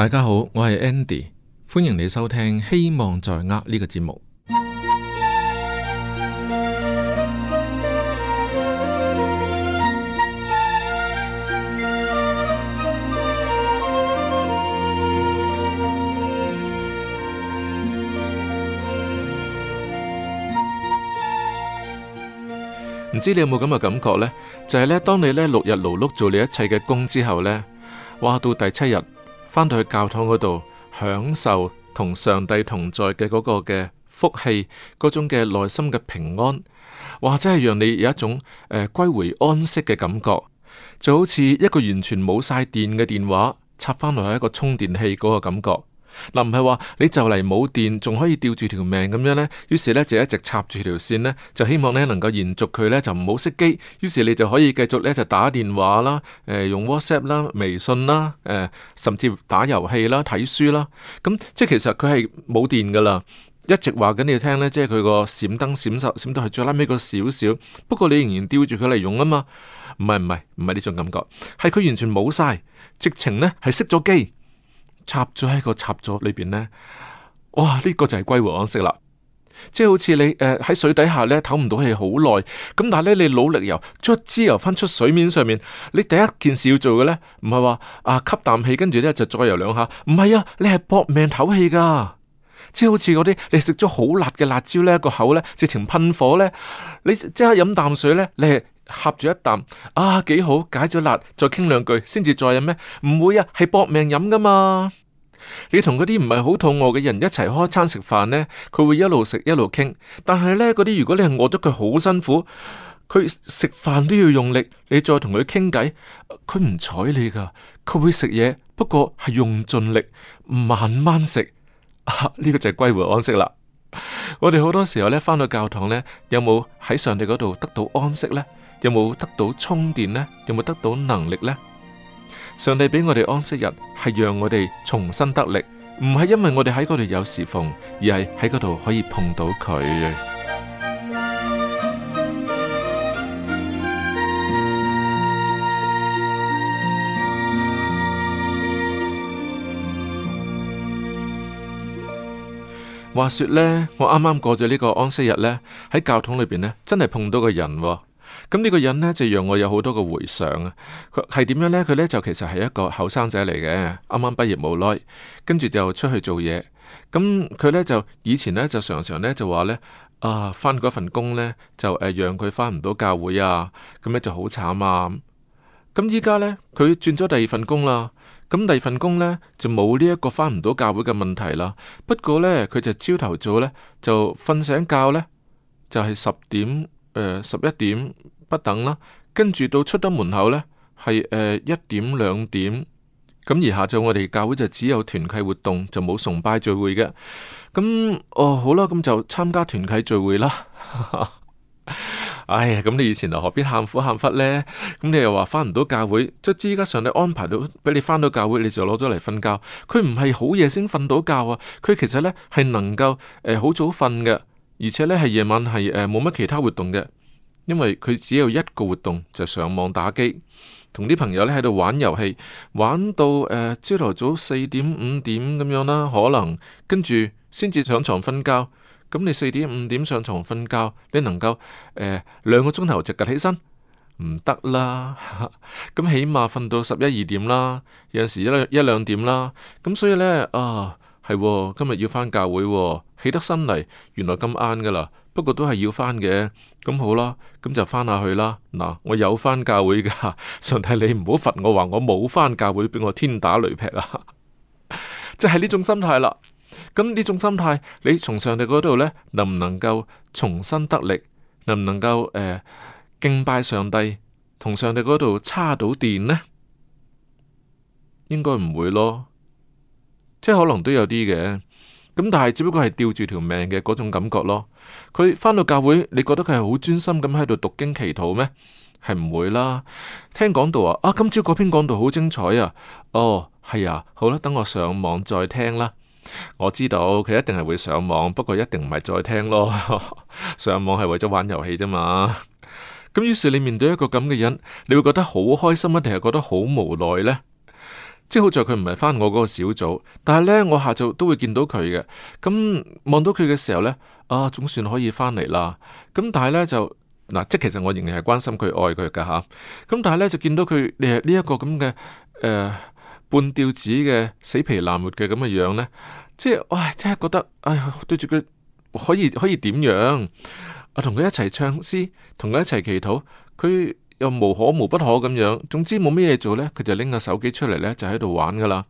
大家好，我係 Andy，歡迎你收聽《希望在握》呢個節目。唔知你有冇咁嘅感覺呢？就係呢，當你咧六日勞碌做你一切嘅工之後呢，哇，到第七日。返到去教堂嗰度，享受同上帝同在嘅嗰個嘅福氣，嗰種嘅內心嘅平安，或者係讓你有一種誒歸、呃、回安息嘅感覺，就好似一個完全冇晒電嘅電話插返落去一個充電器嗰個感覺。嗱，唔係話你就嚟冇電，仲可以吊住條命咁樣呢。於是呢，就一直插住條線呢，就希望呢能夠延續佢呢，就唔好熄機。於是你就可以繼續呢，就打電話啦，誒、呃、用 WhatsApp 啦、微信啦，誒、呃、甚至打遊戲啦、睇書啦。咁、嗯、即係其實佢係冇電噶啦，一直話緊你聽呢，即係佢個閃燈閃十閃到係最拉尾個少少。不過你仍然吊住佢嚟用啊嘛，唔係唔係唔係呢種感覺，係佢完全冇晒，直情呢係熄咗機。插咗喺個插座裏邊呢，哇！呢、這個就係龜王式啦，即係好似你誒喺、呃、水底下咧唞唔到氣好耐，咁但係呢，你努力游，卒之游翻出水面上面，你第一件事要做嘅，呢，唔係話啊吸啖氣，跟住呢就再游兩下，唔係啊，你係搏命唞氣噶，即係好似嗰啲你食咗好辣嘅辣椒呢，個口呢，直情噴火呢，你即刻飲啖水呢，你係。呷住一啖，啊幾好，解咗辣，再傾兩句先至再飲咩？唔會啊，係搏命飲噶嘛！你同嗰啲唔係好肚餓嘅人一齊開餐食飯呢？佢會一路食一路傾，但係呢，嗰啲如果你係餓咗佢好辛苦，佢食飯都要用力，你再同佢傾偈，佢唔睬你噶，佢會食嘢，不過係用盡力，慢慢食。呢、啊呢個就係歸回安息啦。 我哋好多時候呢，返到教堂呢，有冇喺上帝嗰度得到安息呢？有冇得到充電呢？有冇得到能力呢？上帝畀我哋安息日係讓我哋重新得力，唔係因為我哋喺嗰度有侍奉，而係喺嗰度可以碰到佢。話說呢，我啱啱過咗呢個安息日呢，喺教堂裏邊呢，真係碰到個人喎。咁呢個人呢，就讓我有好多個回想啊！佢係點樣呢？佢呢，就其實係一個後生仔嚟嘅，啱啱畢業冇耐，跟住就出去做嘢。咁佢呢，就以前呢，就常常呢，就話呢：「啊，翻嗰份工呢，就誒讓佢翻唔到教會啊，」咁呢，就好慘啊！咁依家呢，佢轉咗第二份工啦，咁第二份工呢，就冇呢一個翻唔到教會嘅問題啦。不過呢，佢就朝頭早呢，就瞓醒覺呢，就係十點。呃、十一點不等啦，跟住到出得門口呢，係呃、一點兩點，咁而下晝我哋教會就只有團契活動，就冇崇拜聚會嘅。咁、嗯、哦，好啦，咁就參加團契聚會啦。 哎呀，咁、嗯、你以前又何必喊苦喊忽呢？咁、嗯、你又話返唔到教會，即係依家上帝安排到俾你返到教會，你就攞咗嚟瞓覺。佢唔係好夜先瞓到覺啊，佢其實呢係能夠呃、好早瞓嘅。而且呢，係夜晚係冇乜其他活動嘅，因為佢只有一個活動就上網打機，同啲朋友咧喺度玩遊戲，玩到朝頭、呃、早四點五點咁樣啦，可能跟住先至上床瞓覺。咁你四點五點上床瞓覺，你能夠誒、呃、兩個鐘頭就趌起身，唔得啦。咁起碼瞓到十一二點啦，有陣時一,一兩一兩點啦。咁所以呢。啊～係、啊、今日要返教會、啊，起得身嚟，原來咁啱噶啦。不過都係要返嘅，咁好啦，咁就翻下去啦。嗱，我有返教會噶，上帝你唔好罰我話我冇返教會，俾我天打雷劈啊！即係呢種心態啦。咁呢種心態，你從上帝嗰度呢，能唔能夠重新得力，能唔能夠、呃、敬拜上帝，同上帝嗰度叉到電呢？應該唔會咯。即係可能都有啲嘅，咁但係只不過係吊住條命嘅嗰種感覺咯。佢返到教會，你覺得佢係好專心咁喺度讀經祈禱咩？係唔會啦。聽講道啊，啊今朝嗰篇講道好精彩啊。哦，係啊，好啦，等我上網再聽啦。我知道佢一定係會上網，不過一定唔係再聽咯。 上網係為咗玩遊戲啫嘛。咁 於是你面對一個咁嘅人，你會覺得好開心啊，定係覺得好無奈呢？即係好在佢唔係返我嗰個小組，但係呢，我下晝都會見到佢嘅。咁望到佢嘅時候呢，啊總算可以返嚟啦。咁但係呢，就嗱、啊，即係其實我仍然係關心佢、愛佢噶吓。咁、啊、但係呢，就見到佢誒呢一個咁嘅誒半吊子嘅死皮爛活嘅咁嘅樣呢，即係哇、哎，即係覺得哎呀對住佢可以可以點樣？我同佢一齊唱詩，同佢一齊祈禱佢。又無可無不可咁樣，總之冇咩嘢做咧，佢就拎個手機出嚟咧，就喺度玩噶啦。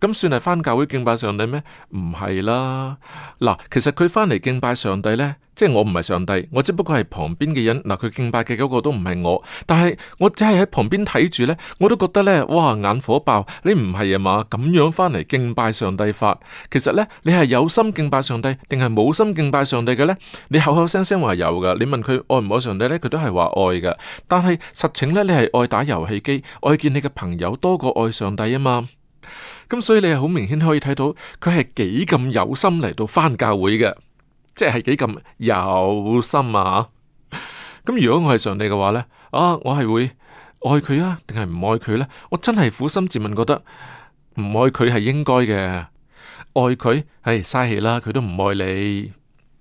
咁算係翻教會敬拜上帝咩？唔係啦。嗱，其實佢翻嚟，敬拜上帝呢，即係我唔係上帝，我只不過係旁邊嘅人。嗱，佢敬拜嘅嗰個都唔係我，但係我只係喺旁邊睇住呢，我都覺得呢，哇，眼火爆！你唔係啊嘛，咁樣翻嚟敬拜上帝法，其實呢，你係有心敬拜上帝，定係冇心敬拜上帝嘅呢？你口口聲聲話有噶，你問佢愛唔愛上帝呢，佢都係話愛噶，但係實情呢，你係愛打遊戲機，愛見你嘅朋友多過愛上帝啊嘛。咁所以你係好明顯可以睇到佢係幾咁有心嚟到返教會嘅，即係幾咁有心啊！咁如果我係上帝嘅話呢，啊，我係會愛佢啊，定係唔愛佢呢？我真係苦心自問，覺得唔愛佢係應該嘅，愛佢係嘥氣啦，佢、哎、都唔愛你。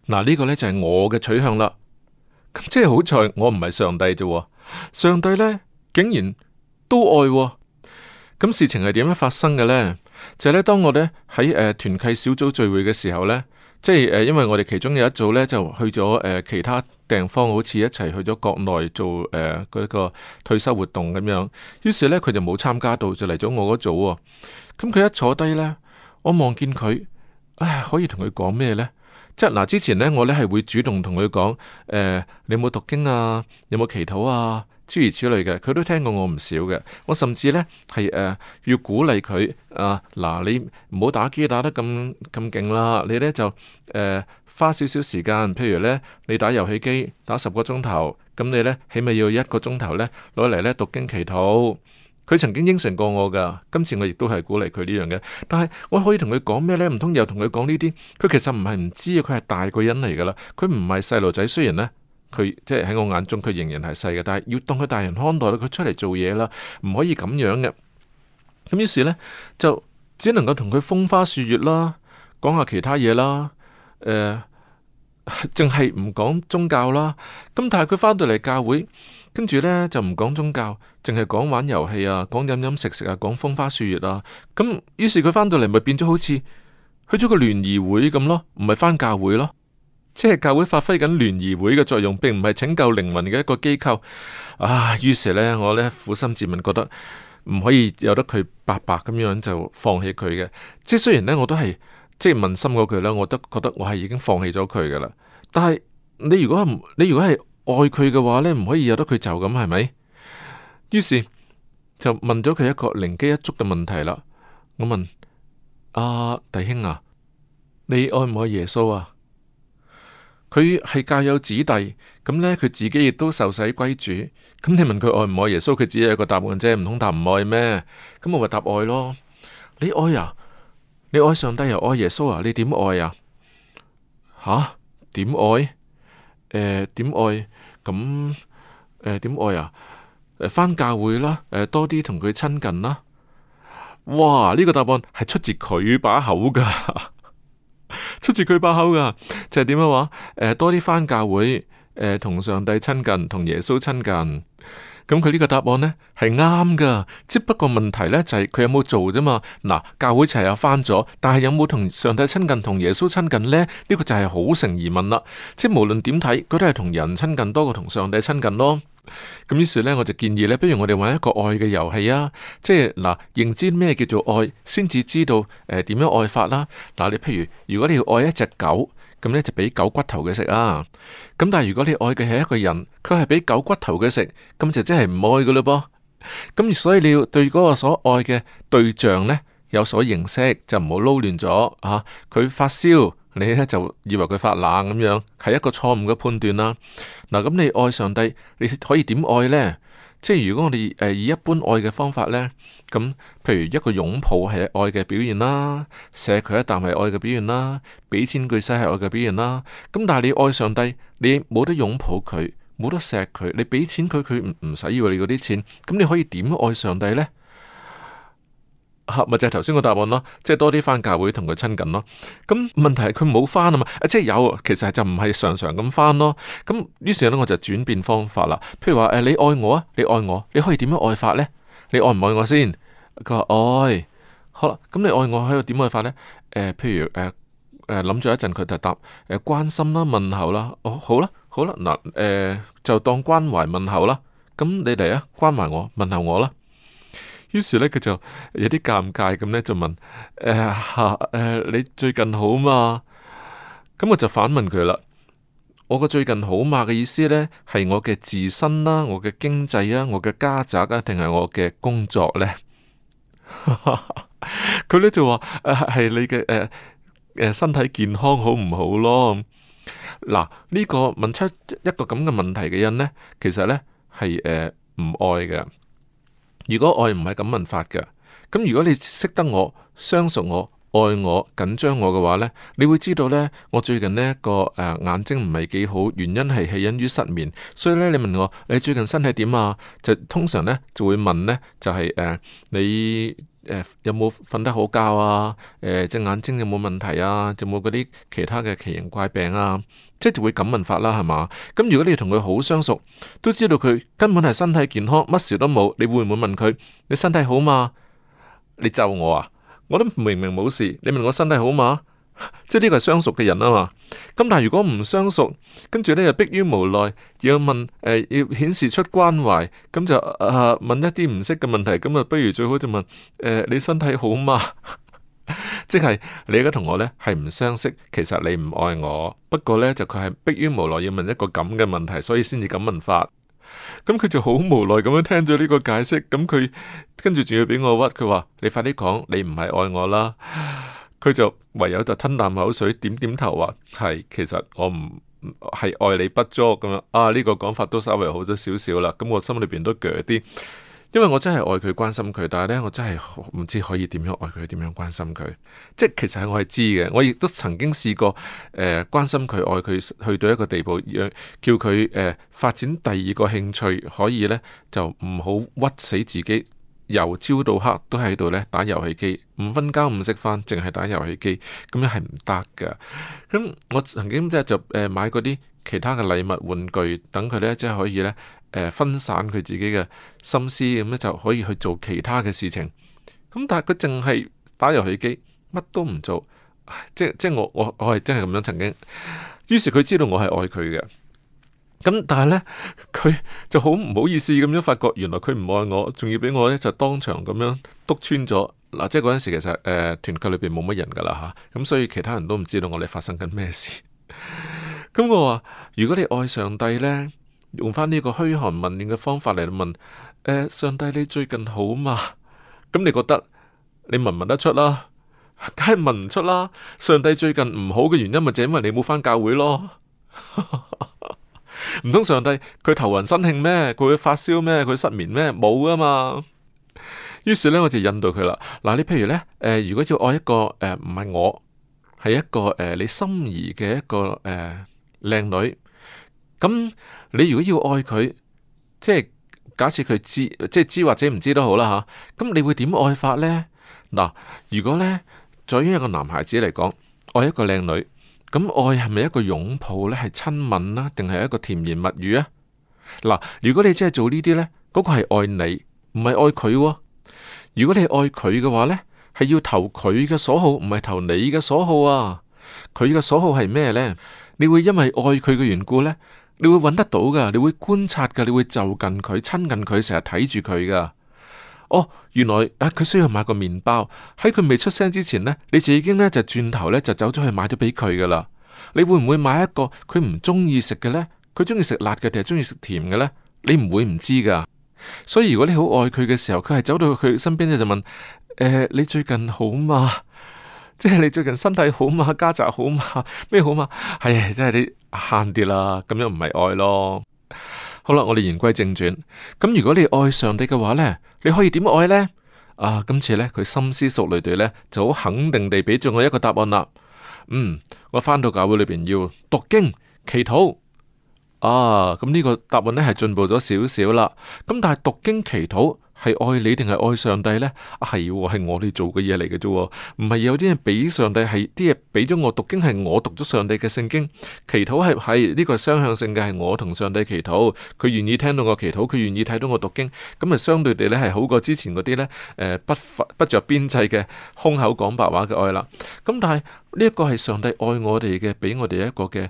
嗱，呢個呢就係我嘅取向啦。咁即係好彩我唔係上帝啫，上帝呢竟然都愛、啊。咁事情係點樣發生嘅呢？就咧、是，當我咧喺誒團契小組聚會嘅時候呢，即係誒、呃，因為我哋其中有一組呢，就去咗誒、呃、其他地方，好似一齊去咗國內做誒嗰、呃那個退修活動咁樣。於是呢，佢就冇參加到，就嚟咗我嗰組喎、哦。咁佢一坐低呢，我望見佢，唉，可以同佢講咩呢？即係嗱、呃，之前呢，我呢係會主動同佢講，誒、呃，你有冇讀經啊，有冇祈禱啊？諸如此類嘅，佢都聽過我唔少嘅。我甚至呢，係誒、呃、要鼓勵佢啊！嗱、呃，你唔好打機打得咁咁勁啦，你呢，就誒、呃、花少少時間。譬如呢，你打遊戲機打十個鐘頭，咁你呢，起碼要一個鐘頭呢，攞嚟呢讀經祈禱。佢曾經應承過我噶，今次我亦都係鼓勵佢呢樣嘅。但係我可以同佢講咩呢？唔通又同佢講呢啲？佢其實唔係唔知，佢係大個人嚟㗎啦。佢唔係細路仔，雖然呢。佢即係喺我眼中，佢仍然係細嘅，但係要當佢大人看待咯。佢出嚟做嘢啦，唔可以咁樣嘅。咁於是呢，就只能夠同佢風花雪月啦，講下其他嘢啦。誒、呃，淨係唔講宗教啦。咁但係佢翻到嚟教會，跟住呢就唔講宗教，淨係講玩遊戲啊，講飲飲食食啊，講風花雪月啊。咁於是佢翻到嚟咪變咗好似去咗個聯誼會咁咯，唔係翻教會咯。即係教會發揮緊聯誼會嘅作用，並唔係拯救靈魂嘅一個機構。啊，於是呢，我呢苦心自問，覺得唔可以由得佢白白咁樣就放棄佢嘅。即係雖然呢，我都係即係問心嗰句啦，我都覺得我係已經放棄咗佢噶啦。但係你如果唔，你如果係愛佢嘅話呢唔可以由得佢就咁係咪？於是就問咗佢一個靈機一觸嘅問題啦。我問阿、啊、弟兄啊，你愛唔愛耶穌啊？佢係教友子弟，咁呢，佢自己亦都受洗歸主。咁你問佢愛唔愛耶穌，佢自己有個答案啫，唔通答唔愛咩？咁我咪答愛咯。你愛啊？你愛上帝又、啊、愛耶穌啊？你點愛啊？吓？點愛？誒、呃？點愛？咁、呃？誒？點、呃、愛啊？誒、呃？返教會啦，誒、呃，多啲同佢親近啦。哇！呢、這個答案係出自佢把口噶。 出自佢把口噶，就係點樣話，誒，多啲翻教會，誒、呃、同上帝親近，同耶穌親近。咁佢呢個答案呢，係啱噶，只不過問題呢，就係佢有冇做啫嘛。嗱，教會齊下翻咗，但係有冇同上帝親近，同耶穌親近呢？呢、這個就係好成疑問啦。即係無論點睇，佢都係同人親近多過同上帝親近咯。咁於是咧，我就建議咧，不如我哋玩一個愛嘅遊戲啊！即係嗱，認知咩叫做愛，先至知道誒點樣愛法啦。嗱，你譬如如果你要愛一隻狗，咁咧就俾狗骨頭嘅食啊。咁但係如果你愛嘅係一個人，佢係俾狗骨頭嘅食，咁就真係唔愛噶啦噃。咁所以你要對嗰個所愛嘅對象呢，有所認識，就唔好撈亂咗啊！佢發燒。你咧，就以為佢發冷咁樣，係一個錯誤嘅判斷啦。嗱，咁你愛上帝，你可以點愛呢？即係如果我哋誒以一般愛嘅方法呢，咁譬如一個擁抱係愛嘅表現啦，錫佢一啖係愛嘅表現啦，俾錢佢使係愛嘅表現啦。咁但係你愛上帝，你冇得擁抱佢，冇得錫佢，你俾錢佢，佢唔唔使要你嗰啲錢。咁你可以點愛上帝呢？咪就係頭先個答案咯，即係多啲翻教會同佢親近咯。咁問題係佢冇翻啊嘛，即係有，其實就唔係常常咁翻咯。咁於是咧我就轉變方法啦。譬如話誒，你愛我啊，你愛我，你可以點樣愛法呢？你愛唔愛我先？佢話愛，好啦，咁你愛我喺度點愛法呢？誒，譬如誒誒諗咗一陣，佢就答誒關心啦、問候啦。哦，好啦，好啦，嗱誒就當關懷問候啦。咁你嚟啊，關懷我、問候我啦。於是咧，佢就有啲尷尬咁咧，就問：誒、哎，吓，誒，你最近好嘛？咁我就反問佢啦。我個最近好嘛嘅意思咧，係我嘅自身啦，我嘅經濟啊，我嘅，啊、家宅啊，定係我嘅工作咧？佢 咧就話：誒、哎，係你嘅誒誒，身體健康好唔好咯？嗱，呢、這個問出一個咁嘅問題嘅人咧，其實咧係誒唔愛嘅。如果愛唔係咁問法嘅，咁如果你識得我，相熟我，愛我，緊張我嘅話呢，你會知道呢，我最近呢一個、呃、眼睛唔係幾好，原因係起因於失眠。所以呢，你問我你最近身體點啊？就通常呢就會問呢，就係、是、誒、呃、你。有冇瞓得好覺啊？誒、呃，隻眼睛有冇問題啊？有冇嗰啲其他嘅奇形怪病啊？即係就會咁問法啦，係嘛？咁如果你同佢好相熟，都知道佢根本係身體健康，乜事都冇，你會唔會問佢你身體好嘛？你咒我啊？我都明明冇事，你問我身體好嘛？」即係呢個係相熟嘅人啊嘛，咁但係如果唔相熟，跟住呢又迫於無奈要問誒、呃，要顯示出關懷，咁就啊、呃、問一啲唔識嘅問題，咁啊不如最好就問誒、呃，你身體好嗎？ 即係你而家同我呢係唔相識，其實你唔愛我，不過呢，就佢係迫於無奈要問一個咁嘅問題，所以先至咁問法。咁佢就好無奈咁樣聽咗呢個解釋，咁佢跟住仲要俾我屈，佢話，你快啲講，你唔係愛我啦。佢就唯有就吞啖口水，點點頭話係，其實我唔係愛你不足 o 咁樣啊呢、這個講法都稍微好咗少少啦。咁我心裏邊都鋸啲，因為我真係愛佢關心佢，但係咧我真係唔知可以點樣愛佢，點樣關心佢。即係其實我係知嘅，我亦都曾經試過誒、呃、關心佢，愛佢去到一個地步，叫佢誒、呃、發展第二個興趣，可以咧就唔好屈死自己。由朝到黑都喺度咧打遊戲機，唔瞓覺唔食飯，淨係打遊戲機，咁樣係唔得㗎。咁我曾經即係就誒買過啲其他嘅禮物玩具，等佢咧即係可以咧誒分散佢自己嘅心思，咁咧就可以去做其他嘅事情。咁但係佢淨係打遊戲機，乜都唔做，即即我我我係真係咁樣曾經。於是佢知道我係愛佢嘅。咁但係呢，佢就好唔好意思咁樣發覺，原來佢唔愛我，仲要俾我呢，就當場咁樣督穿咗嗱，啊。即係嗰陣時其實誒，團、呃、契裏邊冇乜人噶啦吓，咁，啊、所以其他人都唔知道我哋發生緊咩事。咁， 嗯、我話：如果你愛上帝呢，用翻呢個噓寒問暖嘅方法嚟問，誒、呃，上帝你最近好嘛？咁你覺得你問唔問得出啦，梗係問唔出啦。上帝最近唔好嘅原因咪就因為你冇返教會咯。 唔通上帝佢頭暈身㷫咩？佢會發燒咩？佢失眠咩？冇啊嘛。於是咧，我就引導佢啦。嗱，你譬如咧，誒，如果要愛一個誒，唔係我，係一個誒，你心儀嘅一個誒靚女。咁你如果要愛佢，即係假設佢知，即係知或者唔知都好啦吓。咁你會點愛法咧？嗱，如果咧，作為一個男孩子嚟講，愛一個靚女。咁、嗯、愛係咪一個擁抱呢？係親吻啦，定係一個甜言蜜語啊？嗱，如果你真係做呢啲呢，嗰、那個係愛你，唔係愛佢、哦。如果你係愛佢嘅話呢，係要投佢嘅所好，唔係投你嘅所好啊！佢嘅所好係咩呢？你會因為愛佢嘅緣故呢，你會揾得到噶，你會觀察噶，你會就近佢，親近佢，成日睇住佢噶。哦，原來啊，佢需要買個麵包。喺佢未出聲之前呢，你就已經呢就轉頭呢，就走咗去買咗俾佢噶啦。你會唔會買一個佢唔中意食嘅呢？佢中意食辣嘅定係中意食甜嘅呢？你唔會唔知噶。所以如果你好愛佢嘅時候，佢係走到佢身邊呢就問、呃：你最近好嘛？即係你最近身體好嘛？家宅好嘛？咩好嘛？係、哎、啊，真係你慳啲啦，咁樣唔係愛咯。好啦，我哋言歸正傳。咁如果你愛上帝嘅話呢，你可以點愛呢？啊，今次呢，佢深思熟慮地呢，就好肯定地俾咗我一個答案啦。嗯，我返到教會裏邊要讀經、祈禱。啊、咁、嗯、呢、呢個答案呢，係進步咗少少啦。咁但係讀經、祈禱。係愛你定係愛上帝咧？係，係我哋做嘅嘢嚟嘅啫，唔係有啲人俾上帝係啲嘢俾咗我讀經，係我讀咗上帝嘅聖經。祈禱係係呢個係雙向性嘅，係我同上帝祈禱。佢願意聽到我祈禱，佢願意睇到我讀經，咁啊，相對地咧，係好過之前嗰啲咧，誒不不着邊際嘅空口講白話嘅愛啦。咁但係呢一個係上帝愛我哋嘅，俾我哋一個嘅。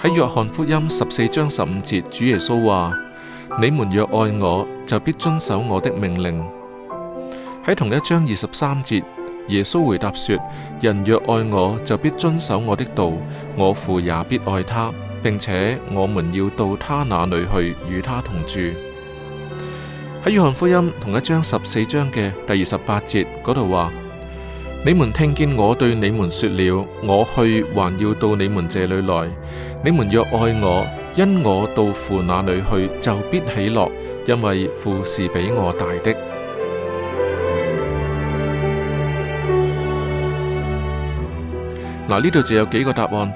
喺約翰福音十四章十五節，主耶穌話：你們若愛我，就必遵守我的命令。喺同一章二十三節，耶穌回答說：人若愛我，就必遵守我的道，我父也必愛他，並且我們要到他那裏去，與他同住。喺約翰福音同一章十四章嘅第二十八節嗰度話。你們聽見我對你們說了，我去還要到你們這裏來。你們若愛我，因我到父那裏去，就必喜樂，因為父是比我大的。嗱，呢 度樂就有幾個答案，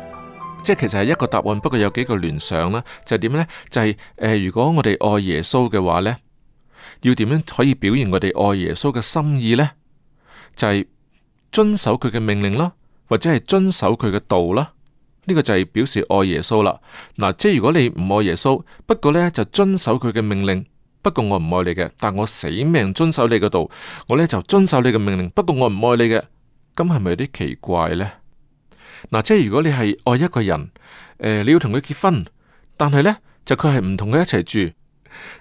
即係其實係一個答案，不過有幾個聯想啦。就係、是、點呢？就係、是呃、如果我哋愛耶穌嘅話呢，要點樣可以表現我哋愛耶穌嘅心意呢？就係、是。遵守佢嘅命令咯，或者係遵守佢嘅道咯，呢個就係表示愛耶穌啦。嗱，即係如果你唔愛耶穌，不過呢就遵守佢嘅命令，不過我唔愛你嘅，但我死命遵守你嘅道，我呢就遵守你嘅命令，不過我唔愛你嘅，咁係咪有啲奇怪呢？嗱，即係如果你係愛一個人，呃、你要同佢結婚，但係呢就佢係唔同佢一齊住。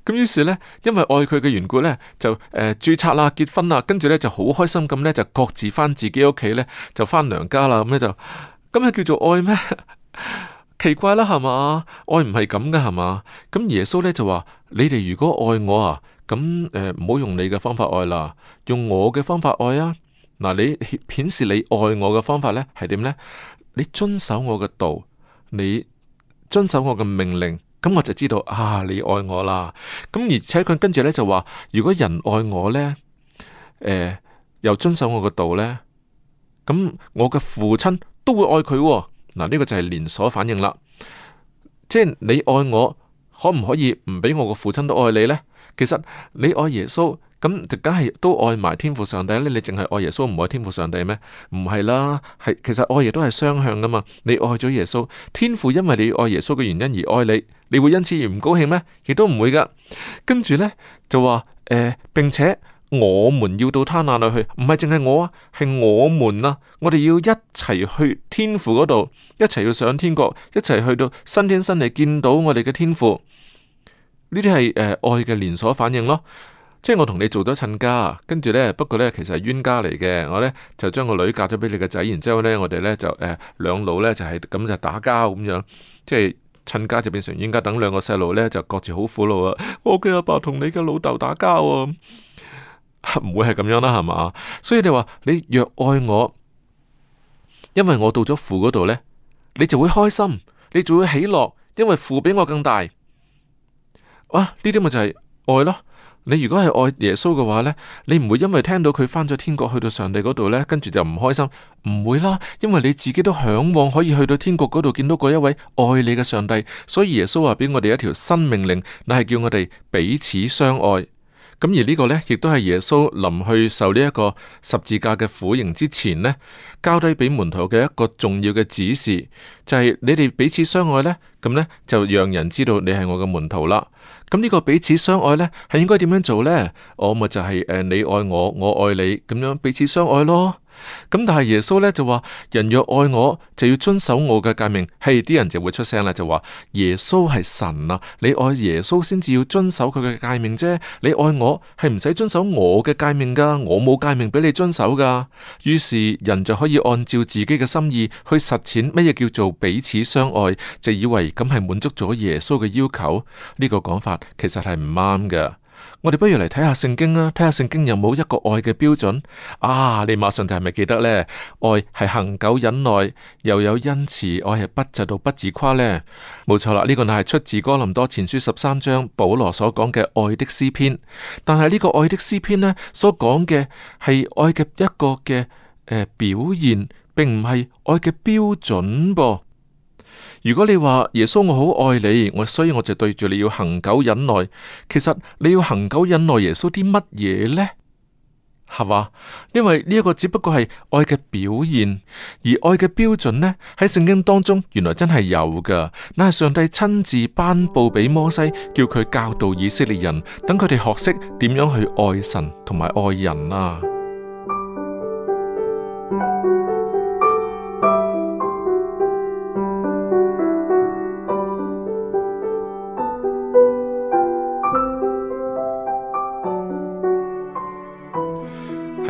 咁於是呢，因為愛佢嘅緣故呢，就誒注冊啦，結婚啦，跟住呢就好開心咁呢，就各自返自己屋企呢，就返娘家啦，咁呢，就咁係叫做愛咩？ 奇怪啦係嘛，愛唔係咁噶係嘛？咁耶穌呢，就話：你哋如果愛我啊，咁誒唔好用你嘅方法愛啦，用我嘅方法愛啊！嗱，你顯示你愛我嘅方法呢係點呢？你遵守我嘅道，你遵守我嘅命令。咁我就知道啊，你愛我啦。咁而且佢跟住呢就話，如果人愛我呢，呃，又遵守我個道呢，咁我嘅父親都會愛佢，哦。嗱，呢個就係連鎖反應啦。即係你愛我，可唔可以唔俾我個父親都愛你呢？其實你愛耶穌。咁就梗係都愛埋天父上帝咧。你淨係愛耶穌唔愛天父上帝咩？唔係啦，係其實愛亦都係雙向噶嘛。你愛咗耶穌，天父因為你愛耶穌嘅原因而愛你，你會因此而唔高興咩？亦都唔會噶。跟住呢就話誒，並且我們要到他那裏去，唔係淨係我啊，係我們啦。我哋要一齊去天父嗰度，一齊要上天國，一齊去到新天新地見到我哋嘅天父。呢啲係誒愛嘅連鎖反應咯。即係我同你做咗親家，跟住呢，不過呢，其實係冤家嚟嘅。我呢，就將個女嫁咗俾你個仔，然之後呢，我哋呢，就誒兩、呃、老呢，就係咁就打交咁樣，即係親家就變成冤家。等兩個細路呢，就各自好苦惱 啊！我嘅阿爸同你嘅老豆打交啊，唔會係咁樣啦，係嘛？所以你話你若愛我，因為我到咗父嗰度呢，你就會開心，你就會喜樂，因為父比我更大。哇！呢啲咪就係愛咯～你如果係愛耶穌嘅話呢，你唔會因為聽到佢返咗天國去到上帝嗰度呢，跟住就唔開心，唔會啦，因為你自己都向往可以去到天國嗰度見到嗰一位愛你嘅上帝，所以耶穌話俾我哋一條新命令，你係叫我哋彼此相愛。咁而呢個呢，亦都係耶穌臨去受呢一個十字架嘅苦刑之前呢，交低俾門徒嘅一個重要嘅指示，就係你哋彼此相愛呢。咁呢，就讓人知道你係我嘅門徒啦。咁呢個彼此相愛咧，係應該點樣做咧？我咪就係誒，你愛我，我愛你，咁樣彼此相愛咯。咁但係耶穌咧就話，人若愛我就要遵守我嘅誡命。係啲人就會出聲啦，就話，耶穌係神啊，你愛耶穌先至要遵守佢嘅誡命啫，你愛我係唔使遵守我嘅誡命噶，我冇誡命俾你遵守噶，於是人就可以按照自己嘅心意去實踐乜嘢叫做彼此相愛，就以為咁係滿足咗耶穌嘅要求，呢個講法其實係唔啱噶。我哋不如嚟睇下聖經啦，睇下聖經有冇一個愛嘅標準啊？你馬上就係咪記得呢？愛係恆久忍耐，又有恩慈，愛係不嫉妒，不自誇呢？冇錯啦，呢個就係出自哥林多前書十三章保羅所講嘅愛的詩篇。但係呢個愛的詩篇呢，所講嘅係愛嘅一個嘅表現，並唔係愛嘅標準噃。如果你話耶穌，我好愛你，我所以我就對住你要恒久忍耐。其實你要恒久忍耐耶穌啲乜嘢呢？係話，因為呢一個只不過係愛嘅表現，而愛嘅標準呢，喺聖經當中原來真係有㗎。那係上帝親自頒布俾摩西，叫佢教導以色列人，等佢哋學識點樣去愛神同埋愛人啊。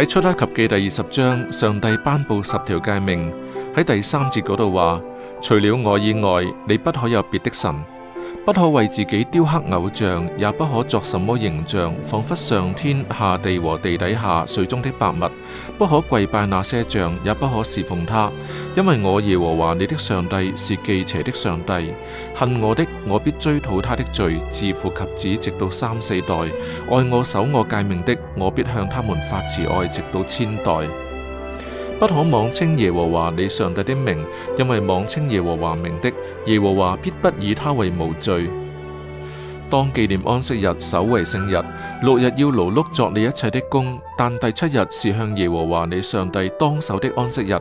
喺出埃及記第二十章，上帝頒布十條誡命，喺第三節嗰度話：除了我以外，你不可有別的神。不可為自己雕刻偶像，也不可作什麼形象，仿佛上天下地和地底下水中的百物。不可跪拜那些像，也不可侍奉它。因為我耶和華你的上帝是忌邪的上帝。恨我的，我必追討他的罪，自父及子，直到三四代；愛我守我誡命的，我必向他們發慈愛，直到千代。不可妄稱耶和華你上帝的名，因為妄稱耶和華名的，耶和華必不以他為無罪。當紀念安息日，守為聖日。六日要勞碌作你一切的工，但第七日是向耶和華你上帝當守的安息日。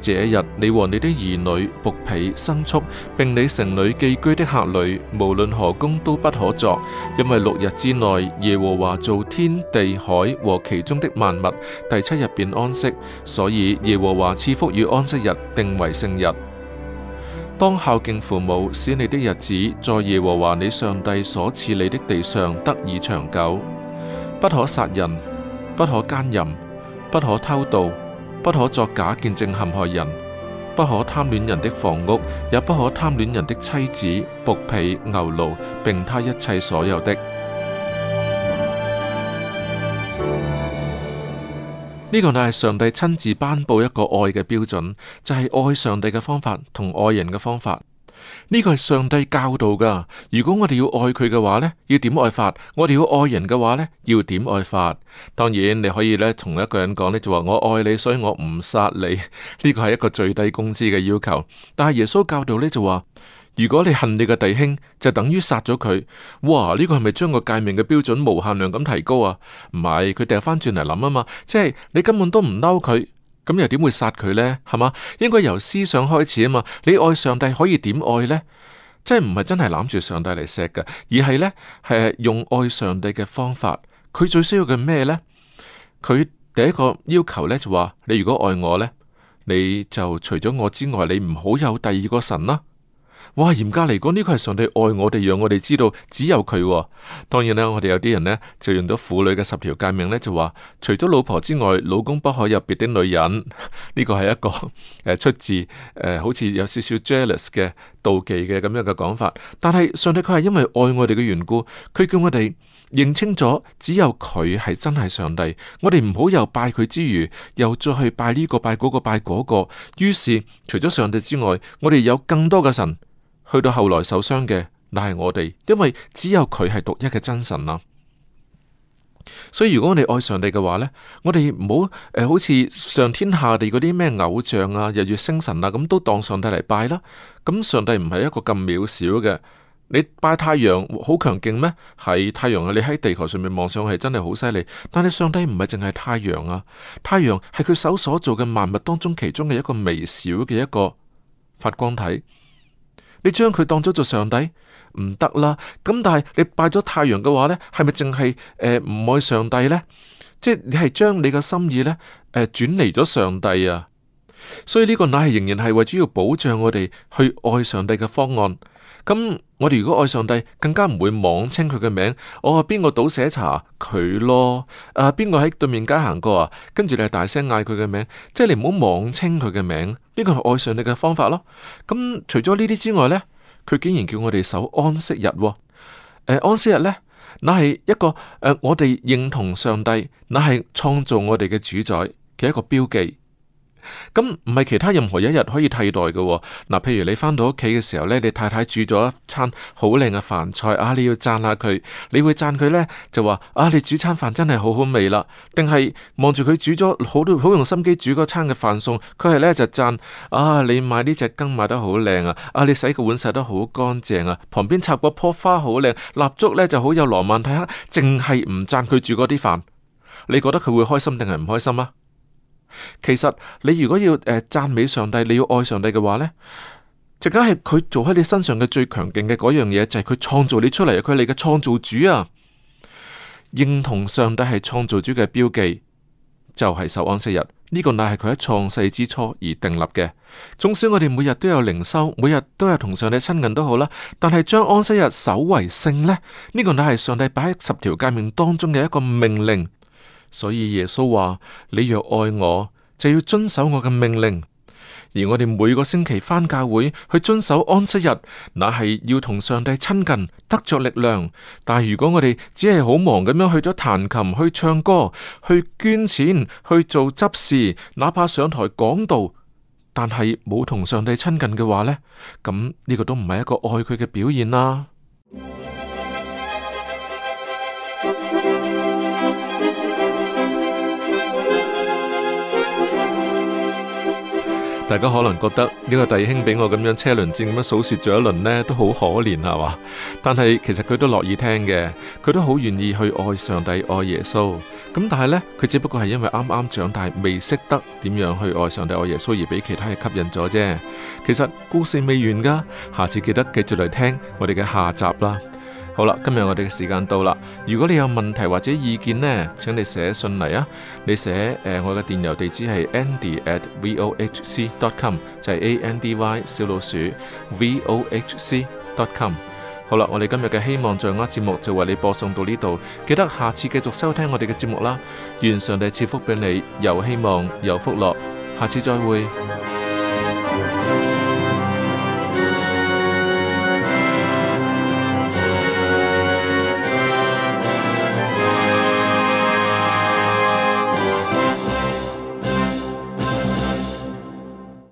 這一日你和你的兒女、僕婢、牲畜，並你城裏寄居的客旅，無論何工都不可作，因為六日之內耶和華造天地海和其中的萬物，第七日便安息，所以耶和華賜福與安息日，定為聖日。當孝敬父母，使你的日子在耶和華你上帝所賜你的地上得以長久。不可殺人，不可奸淫，不可偷盜，不可作假見證陷害人，不可貪戀人的房屋，也不可貪戀人的妻子、僕婢、牛驢，並他一切所有的。呢個就係上帝親自頒布一個愛嘅標準，就係愛上帝嘅方法同愛人嘅方法。呢個係上帝教導噶。如果我哋要愛佢嘅話呢，要點愛法？我哋要愛人嘅話呢，要點愛法？當然你可以呢，同一個人講呢，就話我愛你，所以我唔殺你。呢個係一個最低工資嘅要求。但係耶穌教導呢，就話。如果你恨你嘅弟兄，就等於殺咗佢。哇，呢、這個係咪將個誡命嘅標準無限量咁提高啊？唔係，佢掉翻轉嚟諗啊嘛，即係你根本都唔嬲佢，咁又點會殺佢呢？係嘛，應該由思想開始啊嘛。你愛上帝可以點愛呢？即係唔係真係攬住上帝嚟錫嘅，而係呢，係用愛上帝嘅方法。佢最需要嘅咩呢？佢第一個要求呢就話：你如果愛我呢，你就除咗我之外，你唔好有第二個神啦。哇，嚴格嚟講，呢個係上帝愛我哋，讓我哋知道只有佢，哦。當然咧，我哋有啲人呢，就用到婦女嘅十條誡命呢，就話除咗老婆之外，老公不可入別的女人。呢個係一個誒，呃、出自誒，呃、好似有少少 jealous 嘅妒忌嘅咁樣嘅講法。但係上帝佢係因為愛我哋嘅緣故，佢叫我哋。認清咗，只有佢係真係上帝。我哋唔好又拜佢之餘，又再去拜呢個，拜嗰個，拜嗰個。於是，除咗上帝之外，我哋有更多嘅神。去到後來受傷嘅，乃係我哋，因為只有佢係獨一嘅真神啦。所以，如果我哋愛上帝嘅話呢，我哋唔好，呃，好似上天下地嗰啲咩偶像啊、日月星辰啊咁，都當上帝嚟拜啦。咁上帝唔係一個咁渺小嘅。你拜太陽好強勁咩？係太陽啊，你喺地球上面望上去真係好犀利。但係上帝唔係淨係太陽啊，太陽係佢手所做嘅萬物當中其中嘅一個微小嘅一個發光體。你將佢當咗做上帝唔得啦。咁但係你拜咗太陽嘅話呢，係咪淨係唔愛上帝呢？即係你係將你嘅心意呢誒轉離咗上帝啊。所以呢個乃係仍然係為咗要保障我哋去愛上帝嘅方案。咁我哋如果愛上帝，更加唔會妄稱佢嘅名。我話邊個倒寫茶佢咯？啊、呃，邊個喺對面街行過啊？跟住你係大聲嗌佢嘅名，即係你唔好妄稱佢嘅名。呢個係愛上帝嘅方法咯。咁、嗯、除咗呢啲之外呢，佢竟然叫我哋守安息日、呃。安息日呢，那係一個、呃、我哋認同上帝，那係創造我哋嘅主宰嘅一個標記。咁唔係其他任何一日可以替代嘅喎。嗱，譬如你返到屋企嘅時候呢，你太太煮咗一餐好靚嘅飯菜啊，你要讚下佢，你會讚佢呢，就話啊，你煮餐飯真係好好味啦，定係望住佢煮咗好好用心機煮嗰餐嘅飯餸，佢係呢就讚啊，你買呢隻羹買得好靚啊，啊你洗個碗洗得好乾淨啊，旁邊插個棵花好靚，蠟燭呢就好有羅曼蒂克，淨係唔讚佢煮嗰啲飯，你覺得佢會開心定係唔開心啊？其實你如果要誒讚美上帝，你要愛上帝嘅話呢，就梗係佢做喺你身上嘅最強勁嘅嗰樣嘢，就係佢創造你出嚟，佢係你嘅創造主啊！認同上帝係創造主嘅標記，就係、是、守安息日。呢個乃係佢喺創世之初而定立嘅。至少我哋每日都有靈修，每日都有同上帝親近都好啦。但係將安息日守為聖呢，呢個乃係上帝擺喺十條誡命當中嘅一個命令。所以耶穌話：你若愛我，就要遵守我嘅命令。而我哋每個星期返教會去遵守安息日，那係要同上帝親近，得着力量。但如果我哋只係好忙咁樣去咗彈琴、去唱歌、去捐錢、去做執事，哪怕上台講道，但係冇同上帝親近嘅話呢，咁呢個都唔係一個愛佢嘅表現啦。大家可能覺得呢個弟兄俾我咁樣車輪戰咁樣數說咗一輪呢，都好可憐係嘛？但係其實佢都樂意聽嘅，佢都好願意去愛上帝、愛耶穌。咁但係呢，佢只不過係因為啱啱長大，未識得點樣去愛上帝、愛耶穌，而俾其他人吸引咗啫。其實故事未完噶，下次記得繼續嚟聽我哋嘅下集啦。好啦，今日我哋嘅時間到啦。如果你有問題或者意見呢，請你寫信嚟啊。你寫誒，我嘅電郵地址係 andy at v o h c dot com，就係 a n d y 小老鼠 v o h c dot com。好啦，我哋今日嘅希望在握節目就為你播送到呢度。記得下次繼續收聽我哋嘅節目啦。願上帝賜福俾你，有希望，有福樂。下次再會。